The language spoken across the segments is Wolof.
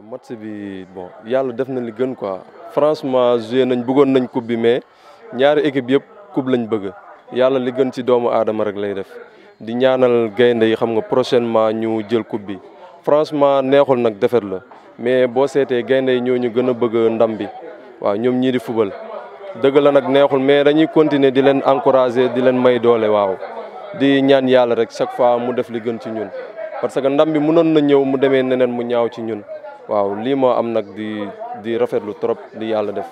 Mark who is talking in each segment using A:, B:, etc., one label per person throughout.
A: waaw match bi bon yàlla def na li gën quoi franchement joué nañ bëggoon nañ coupe bi mais ñaari équipe yëpp coupe lañ bëgg yàlla li gën ci doomu aadama rek lay def di ñaanal gaynde yi xam nga prochainement ñu jël coupe bi franchement neexul nag defet la mais boo seetee gaynde yi ñoo ñu gën a bëgg ndam bi waaw ñoom ñii di fubal dëgg la nag neexul mais dañuy continuer di leen encourager di leen may doole waaw di ñaan yàlla rek chaque fois mu def li gën ci ñun parce que ndam mu demee ci ñun waaw lii moo am nag di di rafetlu trop di yàlla def.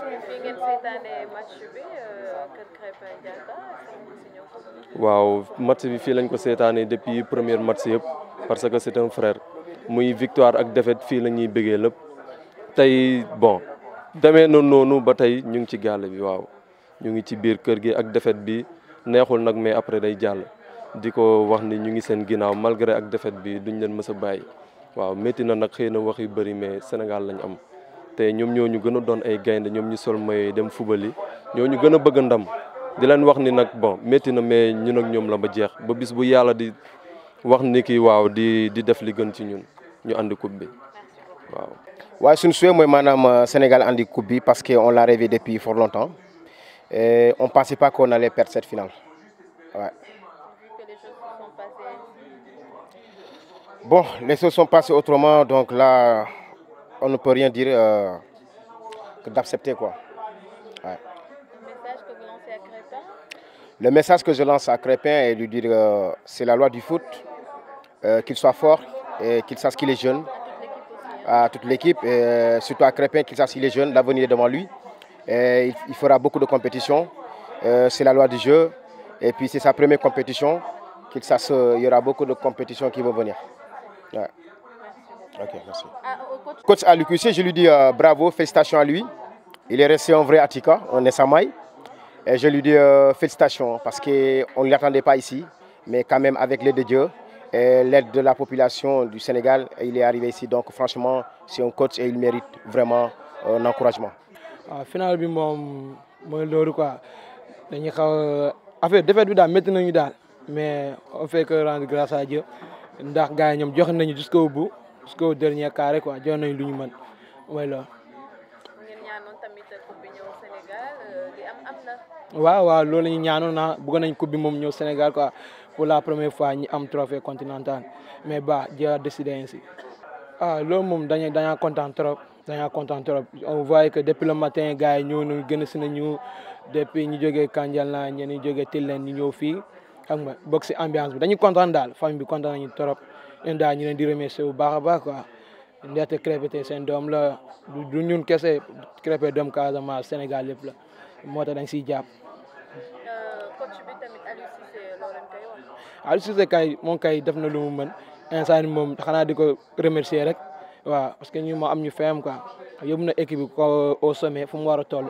A: waaw match bi fii lañ ko seetaanee depuis première match yëpp parce que c'est un frère muy victoire ak défaite fii la ñuy bëggee lépp tey bon demee na noonu ba tey ñu ngi ci gàll bi waaw ñu ngi ci biir kër gi ak defet bi neexul nag mais après day jàll di ko wax ni ñu ngi seen ginnaaw malgré ak défaite bi duñ leen mës a bàyyi. waaw métti na nag xëy na wax yu bëri mais Sénégal lañ am te ñoom ñoo ñu gën a doon ay gaynde ñoom ñu sol may dem yi ñoo ñu gën a bëgg ndam di leen wax ni nag bon métti na mais ñun ak ñoom la ma jeex ba bis bu yàlla di wax ni ki waaw di di def li gën ci ñun ñu àndi coupe bi waaw.
B: waaye suñu souhait mooy maanaam euh, Sénégal andi coupe bi parce que on l'a rêvé depuis fort longtemps et on pensait pas qu'on allait perdre cette finale waaw. Bon, les choses sont passées autrement, donc là, on ne peut rien dire euh, que d'accepter quoi. Le message que je lance à Crépin est de dire euh, c'est la loi du foot, euh, qu'il soit fort et qu'il sache qu'il est jeune. À toute l'équipe, hein. et surtout à Crépin, qu'il sache qu'il est jeune, l'avenir est devant lui. Et il, fera beaucoup de compétitions. c'est la loi du jeu. Et puis c'est sa première compétition. Qu'il sache qu'il y aura beaucoup de compétitions qui vont venir merci. Ah, coach à je lui dis euh, bravo, félicitations à lui. Il est resté un vrai attica en Essamay. Et je lui dis euh, félicitations parce qu'on ne l'attendait pas ici. Mais quand même, avec l'aide de Dieu et l'aide de la population du Sénégal, il est arrivé ici. Donc, franchement, c'est un coach et il mérite vraiment euh, un encouragement.
C: Ah, final, En mais on fait que grâce à Dieu ndax gars yi ñoom joxe nañu jusqu'au bu jusqu'au dernier carré quoi joxe nañu lu ñu mën mooy loolu. Euh, waaw waaw loolu la ñu ñaanoon ah bëgg nañ coupe bi moom ñëw Sénégal quoi pour la première fois ñu am trophée continental mais ba Dieu a décidé ainsi. ah loolu moom dañuy dañaa kontaan trop dañaa kontaan trop on voit que depuis le matin gars yi ñëw gën a si nañu depuis ñu jógee Kandial ñenn ñu jógee Tilène ñu ñëw fii. xam nga bokk si ambiance bi dañu kontaan daal famille bi kontaan nañu trop ñun daal ñu leen di remercier bu baax a baax quoi ndaxte Krépin seen doom la du ñun kese Krépin doom Casamance Sénégal lépp la moo tax dañ siy jàpp. Euh, coach bi kay moom kay def na lu mu mën instant moom xanaa di ko remercier rek waaw parce que ñu ma am ñu feem quoi yóbbu na équipe bi au fu mu war a toll.